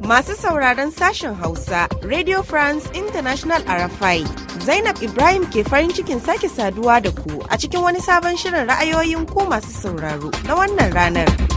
Masu sauraron sashen Hausa, Radio France International RFI, Zainab Ibrahim ke farin cikin sake saduwa da ku a cikin wani sabon shirin ra'ayoyin ku masu sauraro na wannan ranar.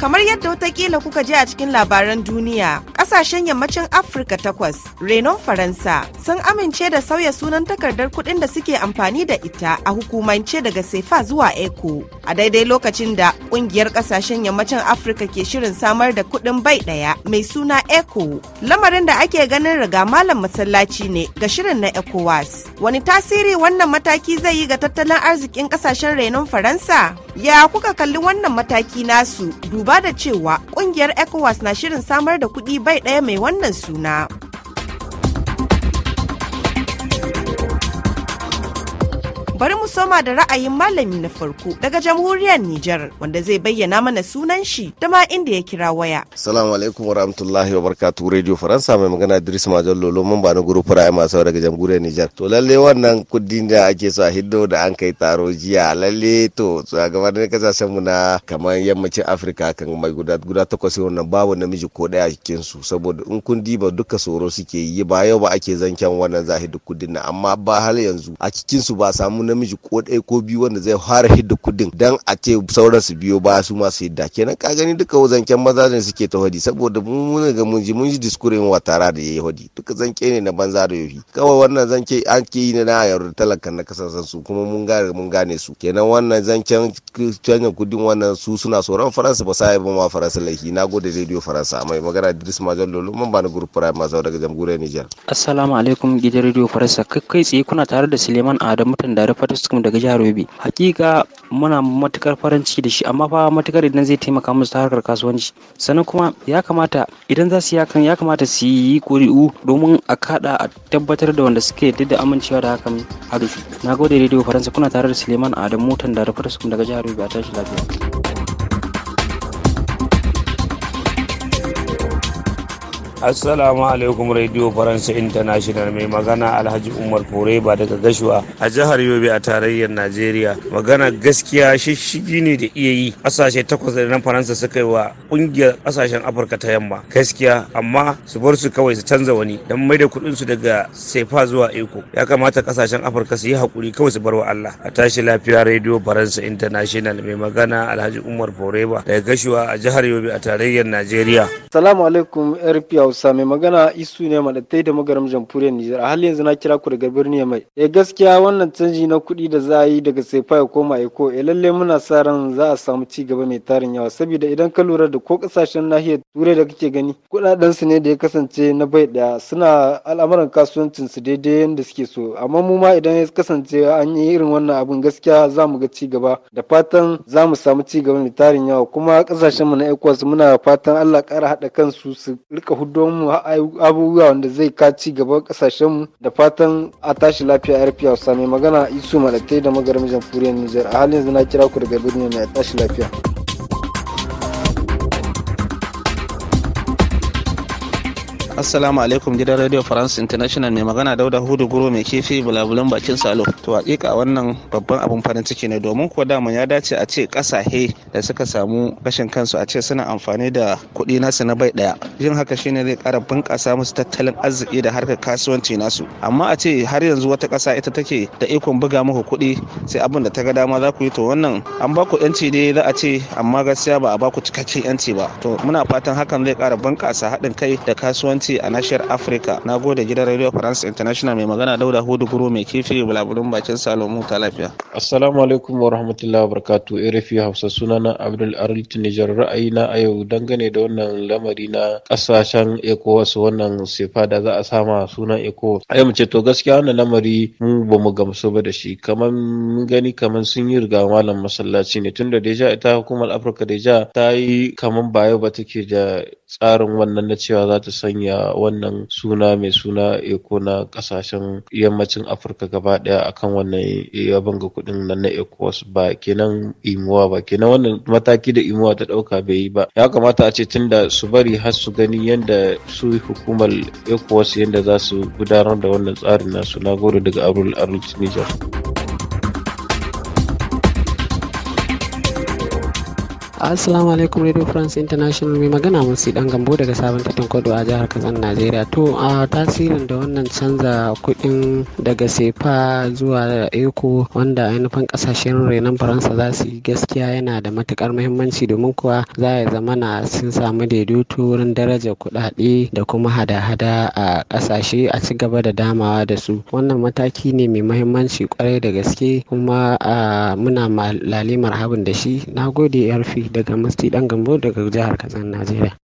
Kamar yadda watakila kuka je a cikin labaran duniya, kasashen yammacin Afirka takwas, renon Faransa, sun amince da sauya sunan takardar kuɗin da suke amfani da ita a hukumance daga sefa zuwa eco. A daidai lokacin da ƙungiyar kasashen yammacin Afirka ke shirin samar da kuɗin bai ɗaya mai suna eco. Lamarin da ake ganin riga malam masallaci ne ga shirin na ECOWAS. Wani tasiri wannan mataki zai yi ga tattalin arzikin kasashen renon Faransa? Ya kuka kalli wannan mataki nasu duba da cewa kungiyar ECOWAS na shirin samar da kuɗi bai ɗaya mai wannan suna. Bari mu soma da ra'ayin malami na farko daga jamhuriyar Nijar wanda zai bayyana mana sunan shi da ma inda ya kira waya. Salamu alaikum wa rahmatullahi wa barakatuh Radio Faransa mai magana Idris Majallo Lolo mun ba guru fura masu daga jamhuriyar Nijar. To lalle wannan kudin da ake so a hiddo da an kai taro jiya lalle to shugabannin kasashen mu na kamar yammacin Afirka kan mai guda guda takwas wannan babu namiji ko daya cikin su saboda in kun diba duka tsoro suke yi ba yau ba ake zanken wannan zahidi kudin amma ba hal yanzu a cikin su ba samu namiji ko ɗaya ko biyu wanda zai fara hidda kudin dan a ce sauran su biyo ba su masu hidda kenan ka gani duka zancen ne suke ta hodi saboda mun ga mun ji mun ji diskurin wa tara da yayi hodi duka zanke ne na banza da yofi kawai wannan zanke an ke yi na yarda talakan na kasashen su kuma mun ga mun gane su kenan wannan zancen canjin kudin wannan su suna tsoron faransa ba sai ba ma faransa laifi na gode radio faransa mai magana Idris Majal Lolo mun ba ni group prime masu daga jamhuriyar Niger assalamu alaikum gidan radio faransa kai tsaye kuna tare da Suleiman Adamu da Fatiskum daga jihar Yobe. Hakika muna matukar farin ciki da shi amma fa matukar idan zai taimaka musu ta harkar kasuwanci. Sannan kuma ya kamata idan za su hakan ya kamata su yi kuri'u domin a kada a tabbatar da wanda suke yadda da amincewa da hakan harufi. Na gode rediyo Faransa kuna tare da Suleiman Adamu Tan da Fatiskum daga jihar Yobe a tashi lafiya. Assalamu alaikum Radio Faransa International mai magana Alhaji Umar Foreba daga Gashuwa a jihar Yobe a tarayyar Najeriya. Magana gaskiya shishigi ne da iya yi. Ƙasashe takwas da nan Faransa suka yi wa ƙungiyar ƙasashen Afirka ta yamma. Gaskiya amma su bar su kawai su canza wani don mai da kuɗin su daga sefa zuwa eko. Ya kamata kasashen Afirka su yi hakuri kawai su bar wa Allah. A tashi lafiya Radio Faransa International mai magana Alhaji Umar Foreba daga Gashuwa a jihar Yobe a tarayyar Najeriya. Salamu alaikum RPO Hausa mai magana isu ne madattai da magaram jamhuriyar Nijar a hali yanzu na kira ku daga birni mai. E eh, gaskiya wannan canji na kuɗi da za a yi daga sefa ya koma eko e eh, lalle muna sa ran za a samu ci gaba mai tarin yawa saboda idan ka lura da ko kasashen nahiyar turai da kake gani kuɗaɗen su ne da ya kasance na bai daya suna al'amuran kasuwancin su daidai yadda suke so amma mu ma idan ya kasance an yi irin wannan abun gaskiya za mu ga ci gaba da fatan za mu samu ci gaba mai tarin yawa kuma kasashen mu na ECOWAS muna fatan Allah ƙara haɗa kansu su rika hudu don mu abubuwa wanda zai kaci ci gaban kasashen mu da fatan a tashi lafiya yar hausa mai magana isu malatai da magarmi jamhuriyar Nijar a halin zina na kira ku daga birnin mai tashi lafiya. assalamu alaikum gidan radio france international mai magana dauda hudu guro mai kifi bulabulan bakin salo to hakika wannan babban abun farin ciki ne domin kuwa daman ya dace a ce kasashe da suka samu gashin kansu a ce suna amfani da kuɗi nasu na bai daya yin haka shine zai kara bunkasa musu tattalin arziki da harkar kasuwanci nasu amma a ce har yanzu wata ƙasa ita take da ikon buga muku kuɗi sai abin da ta ga dama za ku yi to wannan an ba ku yanci ne za a ce amma gaskiya ba a ba ku cikakken yanci ba to muna fatan hakan zai kara bunkasa haɗin kai da kasuwanci adalci a nashiyar afirka na gode gidan radio france international mai magana dauda hudu guru mai kifi bulaburin bakin salomu ta lafiya assalamu alaikum wa rahmatullahi wa barakatu rfi hausa sunana abdul Arif Nijar, ra'ayi na a yau dangane da wannan lamari na kasashen ecowas wannan sefa da za a sama sunan ecowas a mu ce to gaskiya wannan lamari mu ba mu gamsu ba da shi kamar mun gani kamar sun yi riga malam masallaci ne tunda deja ita hukumar afirka deja ta yi kamar bayo ba take da tsarin wannan na cewa za ta sanya wannan suna mai suna eko na kasashen yammacin afirka gaba daya akan wannan yaban ga kudin nan na ecowas ba kenan imuwa ba kenan wannan mataki da imuwa ta dauka bai yi ba ya kamata a ce tun da su bari har su gani yadda su hukumar ecowas yadda za su gudanar da wannan tsarin nasu na goro daga arul arul tunisia Assalamu alaikum Radio France International mai magana mun si dan gambo daga sabon titin kwado a jihar Kazan Najeriya. To a tasirin da wannan canza kuɗin daga sefa zuwa eco wanda ainihin kasashen renon Faransa za su yi gaskiya yana da matukar muhimmanci domin kuwa za yi zama na sun samu daidaito wurin daraja kuɗaɗe da kuma hada-hada a kasashe a ci gaba da damawa da su. Wannan mataki ne mai muhimmanci kwarai da gaske kuma muna lalimar habin da shi. Na gode yarfi. daga Masti Dan Gambo daga jihar Katsina Najeriya.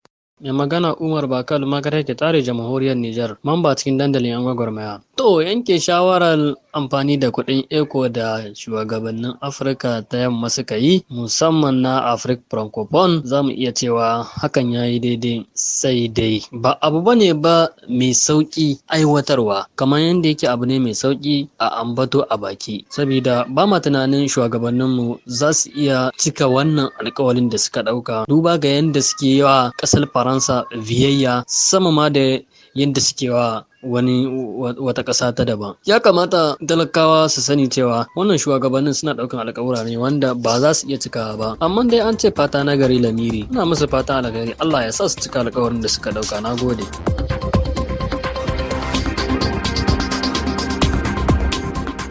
Mai magana Umar Bakal Makarai ke tare jamhuriyar Nijar, mamba cikin dandalin 'yan gwagwarmaya. To yanke shawarar amfani da kuɗin eco da shugabannin Afirka ta yamma suka yi musamman na Afrik Francophone za mu iya cewa hakan ya yi daidai sai dai ba abu ba ne ba mai sauƙi aiwatarwa kamar yadda yake abu ne mai sauƙi a ambato a baki saboda ba ma tunanin shugabanninmu za su iya cika wannan alkawalin da suka ɗauka duba ga yadda suke yi wa ƙasar Faransa biyayya sama ma da yadda suke wa wani wata ƙasa ta daban ya kamata talakawa su sani cewa wannan shugabannin suna ɗaukan alƙawura ne wanda ba za su iya cikawa ba amma dai an ce fata na gari lamiri ina musu fata alƙawari Allah ya sa su cika alƙawarin da suka ɗauka na gode.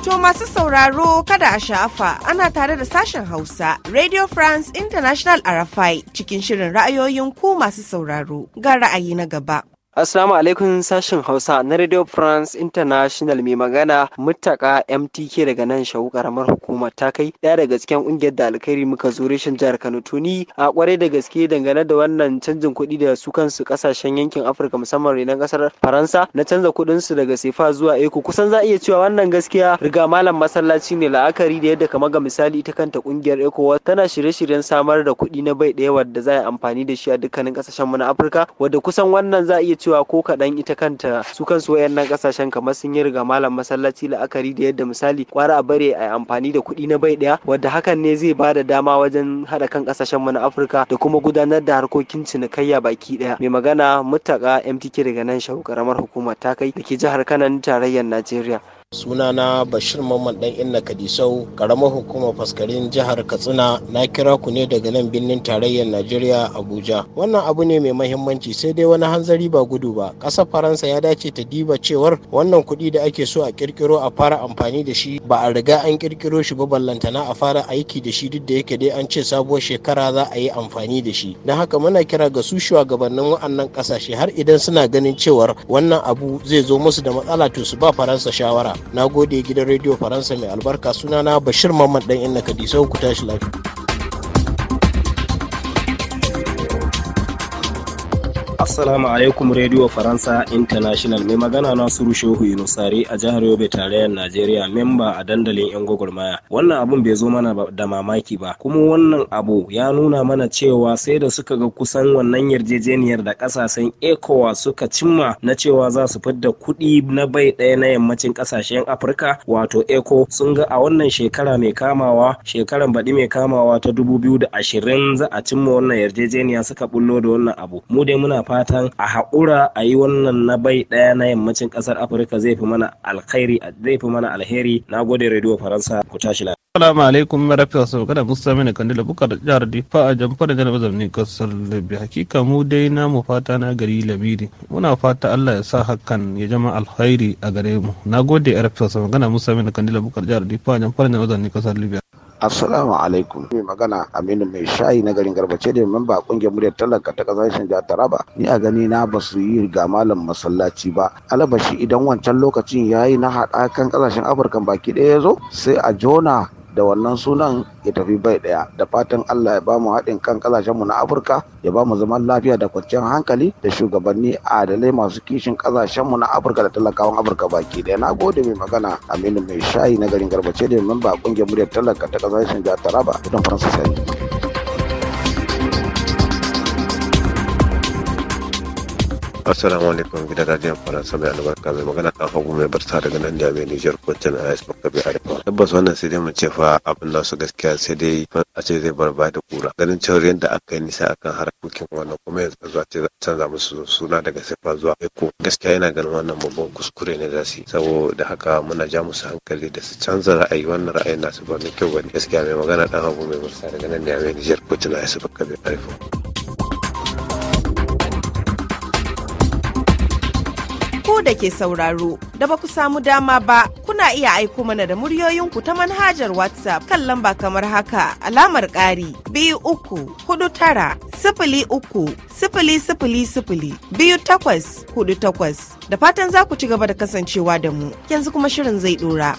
To masu sauraro kada a sha'afa ana tare da sashen Hausa Radio France International Arafai cikin shirin ra'ayoyin ku masu sauraro ga ra'ayi na gaba. Assalamu alaikum sashin Hausa na Radio France International mai magana mutaka MTK daga nan shawu karamar hukumar ta kai daya daga cikin kungiyar da alkhairi muka zo reshen jihar Kano tuni a kwarai da gaske dangane da wannan canjin kuɗi da su kansu kasashen yankin Afirka musamman na kasar Faransa na canza kuɗin su daga sefa zuwa eko kusan za a iya cewa wannan gaskiya riga malam masallaci ne la'akari da yadda kamar ga misali ita kanta kungiyar eko tana shirye-shiryen samar da kuɗi na bai ɗaya wadda za a amfani da shi a dukkanin kasashen mu na Afirka wadda kusan wannan za a iya cewa ko kaɗan ita kanta su kansu wayannan ƙasashen kamar sun yi riga malam masallaci la'akari da yadda misali kwara a bare a amfani da kuɗi na bai ɗaya wadda hakan ne zai ba da dama wajen haɗa kan ƙasashen mu na Afirka da kuma gudanar da harkokin cinikayya baki ɗaya. Mai magana mutaka MTK daga nan shahu ƙaramar hukumar ta kai da ke jihar Kanan tarayyar Najeriya. sunana bashir mamman dan inna kadisau karamar hukumar faskarin jihar katsina na kira ku ne daga nan birnin tarayyar najeriya abuja wannan abu ne mai mahimmanci sai dai wani hanzari ba gudu ba ƙasar faransa ya dace ta diba cewar wannan kuɗi da ake so a kirkiro a fara amfani da shi ba a riga an kirkiro shi ba ballantana a fara aiki da shi duk da yake dai an ce sabuwar shekara za a yi amfani da shi don haka muna kira ga su shugabannin wa'annan ƙasashe har idan suna ganin cewar wannan abu zai zo musu da matsala to su ba faransa shawara na gode gidan rediyo faransa mai albarka sunana bashir mamman dan inna kadisau ku tashi lafiya Assalamu alaikum Radio Faransa International mai magana Nasiru Shehu yunusare a jihar Yobe tarayyar Najeriya memba a dandalin yan gwagwarmaya. Wannan abun bai zo mana da mamaki ba kuma wannan abu ya nuna mana cewa sai da suka ga kusan wannan yarjejeniyar da kasashen ekowa suka cimma na cewa za su fidda kuɗi na bai ɗaya na yammacin kasashen Afirka wato ECO sun ga a wannan shekara mai kamawa shekaran baɗi mai kamawa ta da ashirin za a cimma wannan yarjejeniya suka bullo da wannan abu. Mu dai muna fatan a haƙura a yi wannan na bai ɗaya na yammacin ƙasar afirka zai fi mana alkhairi zai fi mana alheri na gode radio faransa ku tashi lafiya salamu alaikum marafiya sau kada Musa Mini Kandila Bukar jihar Difa a jamfa da Jalaba Zamni kasar Libya. Hakika mu dai namu fata na gari Labiri. Muna fata Allah ya sa hakan ya jama alkhairi a gare mu. Na gode a rafiya sau magana Musa Mini Kandila Bukar jihar Difa a jamfa da Jalaba Zamni kasar Libya. Assalamu alaikum. Mai magana Aminu Mai Shayi na garin Garba ce da memba kungiyar muryar talaka ta kasashen jihar Taraba. Ni a gani na ba su yi ga malam masallaci ba. Alabashi idan wancan lokacin yayi na kan kasashen Afirka baki ɗaya ya zo sai a jona da wannan sunan ya tafi bai daya da fatan Allah ya ba mu haɗin kan mu na Afirka ya ba mu zaman lafiya da kwanciyar hankali da shugabanni adalai masu kishin mu na Afirka da talakawan Afirka baki daya na gode mai magana Aminu mai shayi na garin Garba ce da memba ƙungiyar muryar talaka ta kasashen jihar Taraba don Faransa sai assalamu alaikum gidan radiyon faransa mai albarka mai magana kan hagu mai barsa daga nan mai nijar ko jami'a ya sauka a rikon tabbas wannan sai dai mu ce fa abin nasu gaskiya sai dai a ce zai bar ba da kura ganin cewar yadda aka yi nisa akan harkokin wannan kuma yanzu zuwa ce a canza musu suna daga sifa zuwa eko gaskiya yana ganin wannan babban kuskure ne za su yi saboda haka muna ja musu hankali da su canza ra'ayi wannan ra'ayin nasu ba mai kyau ba ne gaskiya mai magana dan hagu mai barsa daga nan mai nijar ko jami'a ya sauka a rikon. ku da ke sauraro da ba ku samu dama ba kuna iya aiko mana da muryoyinku ta manhajar WhatsApp kan lamba kamar haka alamar ƙari biyu uku hudu tara sifili uku sifili sifili sifili biyu takwas hudu takwas da fatan za ku ci gaba da kasancewa da mu yanzu kuma shirin zai dora.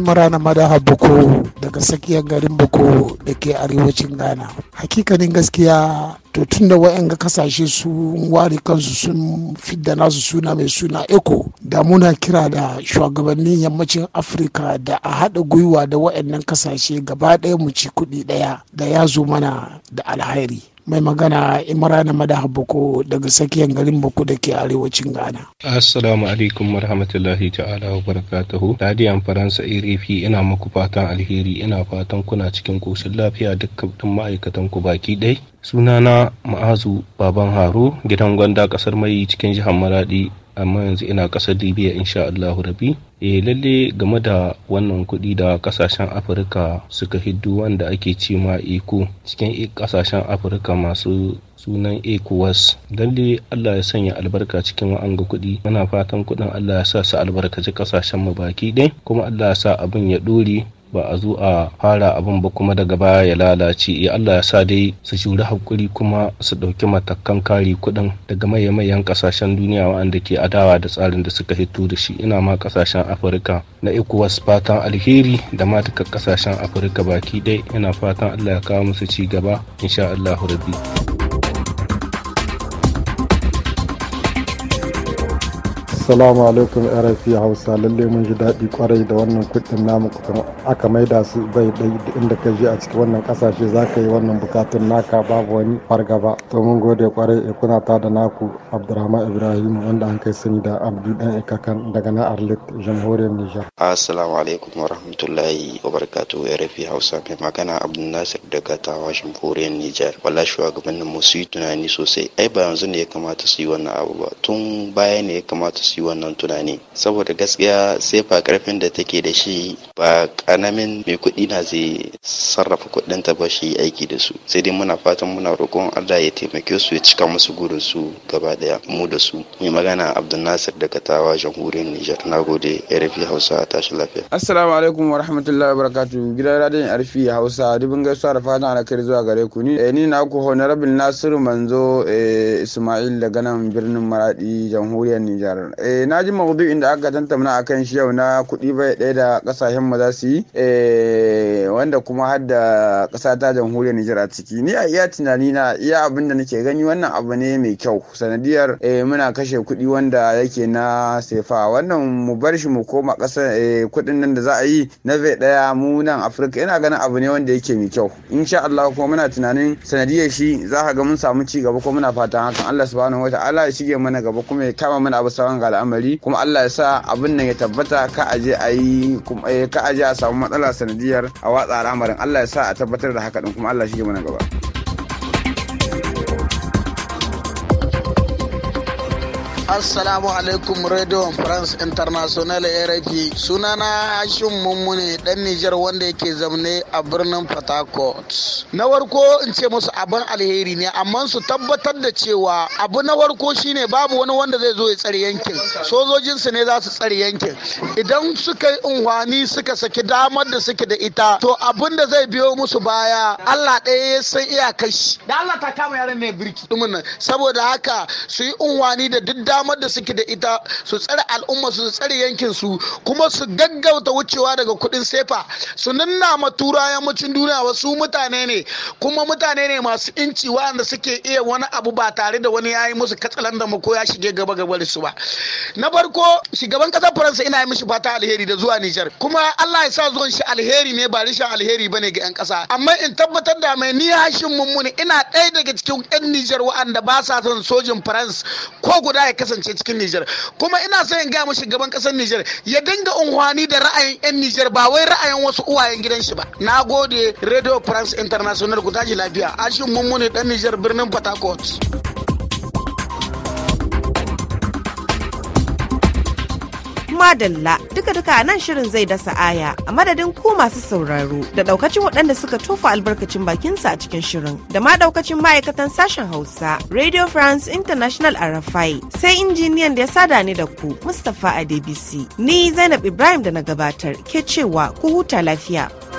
na madaha buku daga tsakiyar garin buku da ke arewacin ghana hakikanin gaskiya to tun da ga kasashe sun ware kansu sun fidda nasu suna mai suna eco da muna kira da shugabannin yammacin afirka da a haɗa gwiwa da wa'yannan kasashe gaba ɗaya mu ci kuɗi ɗaya da ya zo mana da alhairi mai magana imrana madaha boko daga tsakiyar garin boko da ke arewacin ghana assalamu alaikum warahmatullahi ta'ala wa barakatuhu radiyan faransa irifi ina muku fatan alheri ina fatan kuna cikin koshin lafiya dukkan ma'aikatan ku baki dai sunana ma'azu baban haro gidan gwanda kasar mai cikin jihar maradi amma yanzu ina ƙasar libya insha allahu rabi e eh, lalle game da wannan kuɗi da ƙasashen afirka suka hiddu wanda ake ce ma eco cikin e, ƙasashen afirka masu sunan ecowas lalle allah ya sanya albarka cikin wa'anga kuɗi muna fatan kuɗin allah ya sa su albarkaci ƙasashen mu baki dai kuma allah ya sa abin ya ɗore ba a zo a fara abin ba kuma daga baya ya lalace ya eh, Allah ya sa dai su shuri hakuri kuma su ɗauki matakan kare kuɗin daga maye-mayen ƙasashen duniya waɗanda ke adawa da tsarin da suka hito da shi ina ma kasashen afirka na ecowas fatan alheri da ma duka ƙasashen afirka baki dai, ina fatan Allah ya kawo musu ci gaba insha Allah rabbi. assalamu alaikum rf hausa lalle mun ji daɗi kwarai da wannan kuɗin namu aka maida su bai da inda ka je a cikin wannan kasashe za ka yi wannan bukatun naka babu wani fargaba to mun gode kwarai ya eh, kuna ta da naku abdurrahman ibrahim wanda an kai sani da abdu dan ikakan daga na arlit jamhuriyar nijar assalamu alaikum wa rahmatullahi wa barkatu rf hausa mai magana abdul nasir daga tawashin jamhuriyar nijar wala shugabannin mu su yi tunani sosai ai ba yanzu ne ya kamata su yi wannan abu ba tun baya ne ya kamata su su yi wannan tunani saboda gaskiya sefa karfin da take da shi ba kanamin mai kuɗi na zai sarrafa kuɗinta ta ba shi aiki da su sai dai muna fatan muna roƙon Allah ya taimake su ya cika musu gurin su gaba daya mu da su mai magana Abdul Nasir daga Tawa jamhuriyar Nijar nagode RFI Hausa a tashi lafiya assalamu alaikum wa rahmatullahi wa barakatuh gidan radiyon RFI Hausa dubin gaisuwa da fatan alkhairi zuwa gare ku ni eh, ni na ku honorable Nasiru Manzo eh, Ismail daga nan birnin Maradi jamhuriyar Nijar eh na ji maudu'in da aka tantamna akan shi yau na kuɗi bai ɗaya da ƙasashen mu za su yi eh wanda kuma har da ƙasa ta jamhuriyar Nijar a ciki ni a iya tunani na iya abin da nake gani wannan abu ne mai kyau sanadiyar eh muna kashe kuɗi wanda yake na sefa wannan mu bar shi mu koma ƙasa eh nan da za a yi na bai ɗaya mu nan Afirka ina ganin abu ne wanda yake mai kyau insha Allah kuma muna tunanin sanadiyar shi za ka ga mun samu ci gaba kuma muna fatan hakan Allah subhanahu wa ta'ala ya shige mana gaba kuma ya kama mana abu sauran al'amari kuma Allah ya sa abin nan ya tabbata ka aje a yi eh, ka aje a samu matsala sanadiyar a watsa al'amarin Allah ya sa a tabbatar da haka din kuma Allah shi ke mana gaba. Assalamu alaikum Radio France International RFI. Sunana Hashim Mummune dan Nijar wanda yake zaune a birnin Port Na warko in ce musu abin alheri ne amma su tabbatar da cewa abu na warko shine babu wani wanda zai zo ya tsare yankin. Sojojin su ne za su tsare yankin. Idan suka yi unhwani suka saki damar da suke da ita to abin da zai biyo musu baya Allah ɗaya ya san iyakar shi. Da Allah ta kama yaran ne birki. Saboda haka su yi unhwani da duk damar da suke da ita su tsare al'umma su tsare yankin su kuma su gaggauta wucewa daga kuɗin sefa su nuna ma tura mucin duniya wasu mutane ne kuma mutane ne masu inci wanda suke iya wani abu ba tare da wani yayi musu katsalan da ko ya shige gaba gaba su ba na farko shugaban kasar faransa ina yi mishi fata alheri da zuwa nijar kuma allah ya sa zuwan shi alheri ne ba rishin alheri bane ga 'yan kasa amma in tabbatar da mai ni hashin mummuni ina ɗaya daga cikin 'yan nijar waɗanda ba sa son sojin faransa ko guda ya kasa. kasance cikin Nijar kuma ina so in gaya mu shugaban kasar Nijar ya dinga unhwani da ra'ayin 'yan Nijar ba wai ra'ayin wasu uwayen gidan shi ba na gode Radio France International ku taji lafiya ashin mummuni dan Nijar birnin Port Harcourt dalla duka-duka a nan shirin zai dasa aya a madadin ku masu sauraro da daukacin waɗanda suka tofa albarkacin bakinsa a cikin shirin da ma daukacin ma'aikatan sashen hausa radio france international arafai sai injiniyan da ya sada ni da ku mustapha adebisi ni zainab ibrahim da na gabatar ke cewa ku huta lafiya.